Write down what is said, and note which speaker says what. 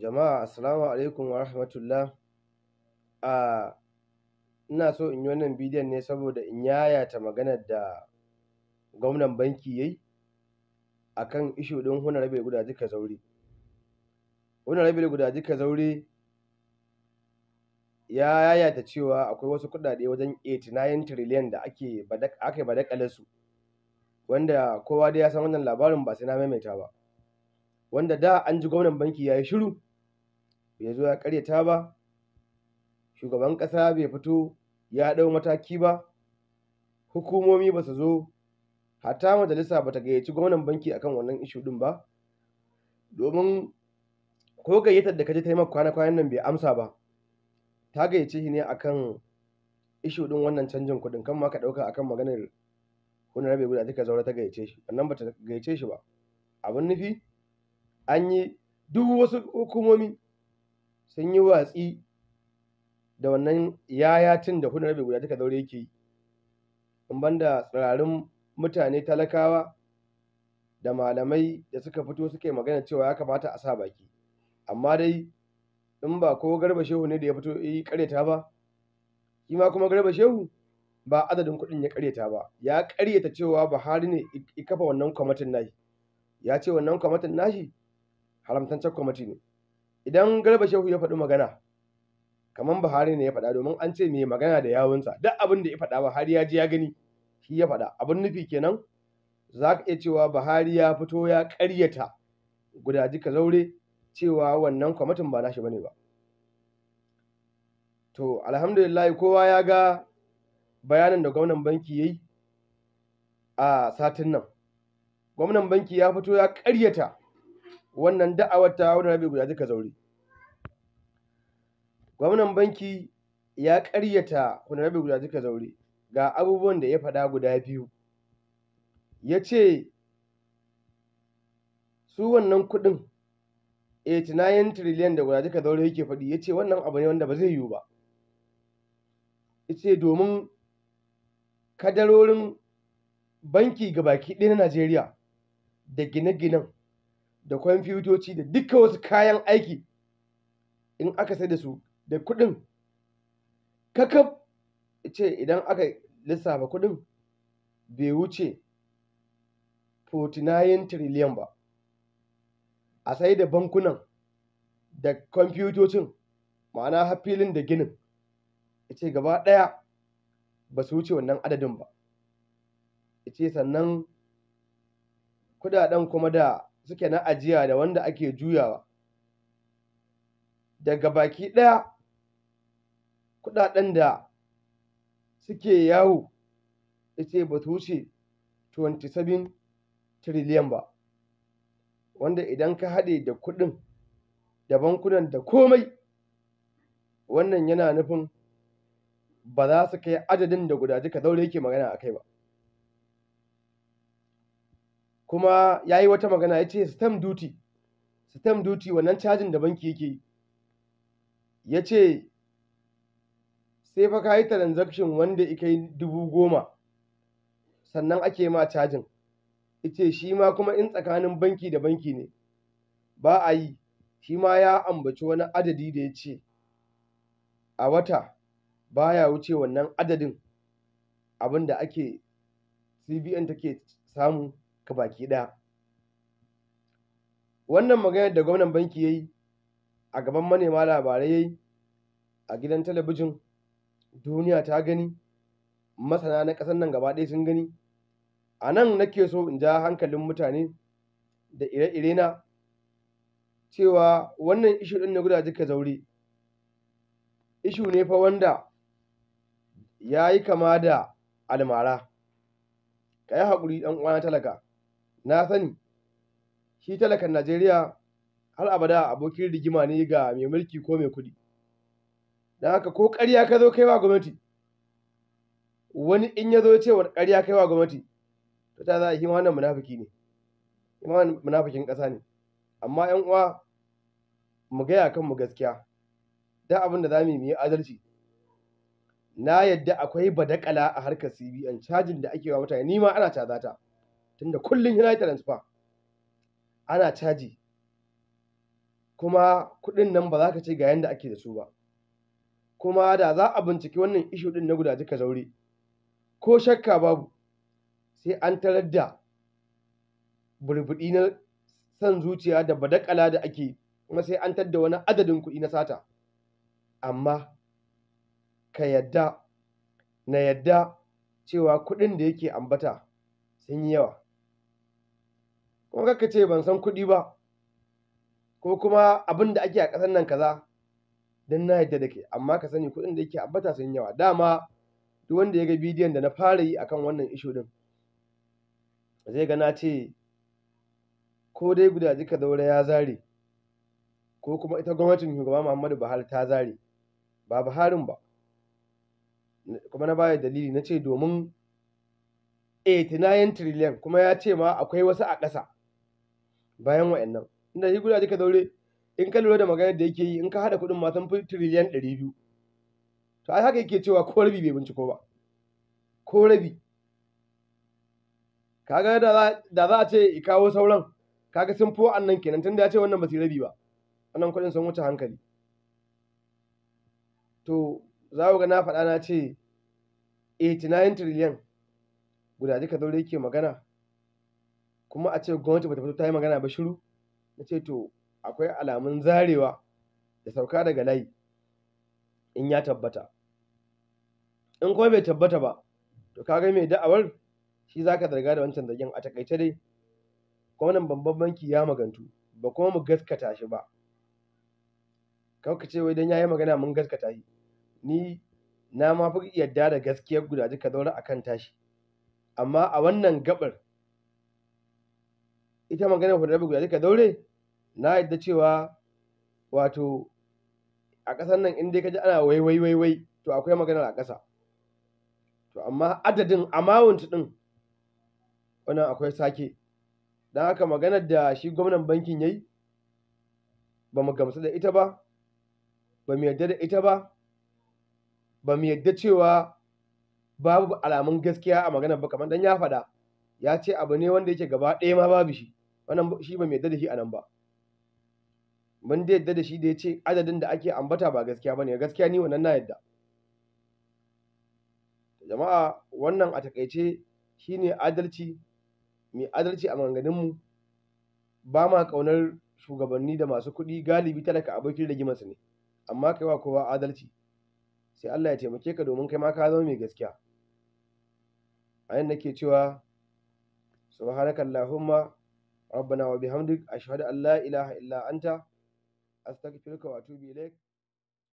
Speaker 1: jama'a assalamu alaikum wa rahmatullah a ina so in yi wannan bidiyon ne saboda in yayata magana da gwamnan banki yayi akan ishu din rabe guda duka zaure rabe guda duka zaure ya yayata cewa akwai wasu kuɗaɗe wajen 89 trillion da ake aka badakale su wanda kowa dai ya san wannan labarin ba sai na maimaita ba wanda da an ji gwamnan banki ya yi shiru bai zo ya karyata ba shugaban ƙasa bai fito ya dau mataki ba hukumomi ba su zo hatta majalisa ba ta gayyaci gwamnan banki akan wannan ishu ɗin ba domin ko gayyatar da ka je yi kwana-kwanan nan bai amsa ba ta gayyace shi ne akan ishu din wannan canjin kuɗin kan ma ka ɗauka akan maganar kuna rabe guda take zaura ta gayyace shi wannan ba ta gayyace shi ba abin nufi an yi duk wasu hukumomi sun yi watsi da wannan yayatin da rabi guda duka zaure yake yi in banda tsirarin mutane talakawa da malamai da suka fito suka yi magana cewa ya kamata a sa baki amma dai in ba ko garba shehu ne da ya fito yi karyata ba shi ma kuma garba shehu ba adadin kuɗin ya karyata ba ya karyata cewa buhari ne ya kafa wannan kwamitin nashi ya ce wannan kwamitin nashi haramtancen kwamiti ne idan garba shehu ya faɗi magana kamar buhari ne ya faɗa domin an ce mai magana da yawunsa duk abin da ya faɗa buhari ya ji ya gani shi ya faɗa abin nufi kenan za ka iya cewa buhari ya fito ya karyata. Guda jika zaure cewa wannan kwamitin ba nashi bane ba to alhamdulillah kowa ya ga bayanin da gwamnan banki ya yi a satin nan gwamnan banki ya fito ya karyata. wannan da'awar ta wannan rabi guda duka zaure gwamnan banki ya ƙaryata wannan rabi guda duka zaure ga abubuwan da ya faɗa guda biyu ya ce su wannan kuɗin 89 trillion da guda duka zaure yake faɗi ya ce wannan abu ne wanda ba zai yiwu ba ya ce domin kadarorin banki gabaki ɗaya na najeriya da gine-ginen da kwamfutoci da duka wasu kayan aiki in aka sai da su da kuɗin kakaf ce idan aka lissafa kuɗin bai wuce 49 trillion ba a sai da bankunan da kwamfutocin ma'ana har da ginin ce gaba ɗaya ba su wuce wannan adadin ba ce sannan kudaden kuma da suke na ajiya da wanda ake juyawa daga baki ɗaya kuɗaɗen da suke yawo ita ba ta wuce 27 trillion ba wanda idan ka haɗe da kuɗin da bankunan da komai wannan yana nufin ba za su kai adadin da guda duka zaure yake magana a kai ba kuma ya yi wata magana ya ce stem duty stem duty wannan cajin da banki yake yi ya ce sai fa ka yi transaction wanda ika yi dubu goma sannan ake ma cajin ice shi ma kuma in tsakanin banki da banki ne ba a yi shi ma ya ambaci wani adadi da ya ce a wata baya wuce wannan adadin abin da ake cbn take samu baki ɗaya wannan maganar da gwamnan banki ya yi a gaban manema labarai ya yi a gidan talabijin duniya ta gani masana na ƙasar nan gaba ɗaya sun gani a nan nake so in ja hankalin mutane da ire-ire na cewa wannan ishu ɗin na gudaje ka zaure ishu ne fa wanda ya yi kama da almara ka yi haƙuri ɗan uwana talaka na sani shi talakan Najeriya har abada abokin rigima ne ga mai mulki ko mai kuɗi. Don haka ko ƙarya ka zo kai gwamnati, wani in ya zo cewar ƙarya kai wa gwamnati, to ta za a wannan munafiki ne, munafikin ƙasa ne. Amma ‘yan uwa mu gaya mu gaskiya, da abin da za mu yi adalci. Na yadda akwai badakala a harkar CBN cajin da ake wa mutane, nima ma ana cazata. tunda kullum yana transfer ana caji kuma kuɗin nan ba za ka ce ga yanda ake da su ba kuma da za a binciki wannan ishu ɗin na gudaji ka zaure ko shakka babu sai an tarar da burbuɗi na son zuciya da badakala da ake kuma sai an da wani adadin kuɗi na sata amma ka yadda na yadda cewa kuɗin da yake ambata sun yi yawa kuma kaka ce ban san kuɗi ba ko kuma abin da ake a ƙasar nan kaza don na yadda da ke amma ka sani kuɗin da yake bata sun yawa dama duk wanda ya ga bidiyon da na fara yi akan wannan ishu din zai gana ce ko dai guda jika zaure ya zare ko kuma ita gwamnatin shugaba muhammadu buhari ta zare ba buharin ba kuma na baya dalili na ce domin 89 trillion kuma ya ce ma akwai wasu a ƙasa bayan wa'annan inda shi guda ka daure in ka lura da maganar da yake yi in ka haɗa kuɗin ma sun fi tiriliyan ɗari biyu to ai haka yake cewa ko rabi bai binciko ba ko rabi kaga da za a ce i kawo sauran kaga sun fi wa'annan kenan tunda ya ce wannan ba su rabi ba wannan kuɗin sun wuce hankali to za ku ga na faɗa na ce 89 trillion guda duka zaure yake magana kuma a ce gwamnati bata fito ta yi magana ba shiru na ce to akwai alamun zarewa da sauka daga layi in ya tabbata in kuma bai tabbata ba to kaga mai da'awar shi zaka zarga da wancan zargin a takaice dai gwamnan babban banki ya magantu ba kuma mu gaskata shi ba kawai ka ce wai dan yayi magana mun gaskata shi ni na ma fi yarda da gaskiyar guda ka zaura akan tashi amma a wannan gabar ita maganar Honorable Guda ka daure na yadda cewa wato a ƙasar nan inda ka ji ana wai wai wai wai to akwai maganar a ƙasa to amma adadin amount din wannan akwai sake don haka maganar da shi gwamnan bankin yayi ba mu gamsu da ita ba ba mu yarda da ita ba ba mu yarda cewa babu alamun gaskiya a maganar ba kamar dan ya faɗa ya ce abu ne wanda yake gaba ɗaya ma babu shi wannan shi ba mai yadda da shi a nan ba mun da yadda da shi da ya ce adadin da ake ambata ba gaskiya bane ne gaskiya ni wannan na yadda jama'a wannan a takaice shine adalci mai adalci a manganinmu, ba ma ƙaunar shugabanni da masu kuɗi galibi talaka abokin rigimarsu ne amma kai wa kowa adalci sai Allah ya taimake ka domin kai ma ka zama mai gaskiya a yanda nake cewa subhanakallahumma rabbana wa bihamdik ashhadu an la ilaha illa anta astaghfiruka wa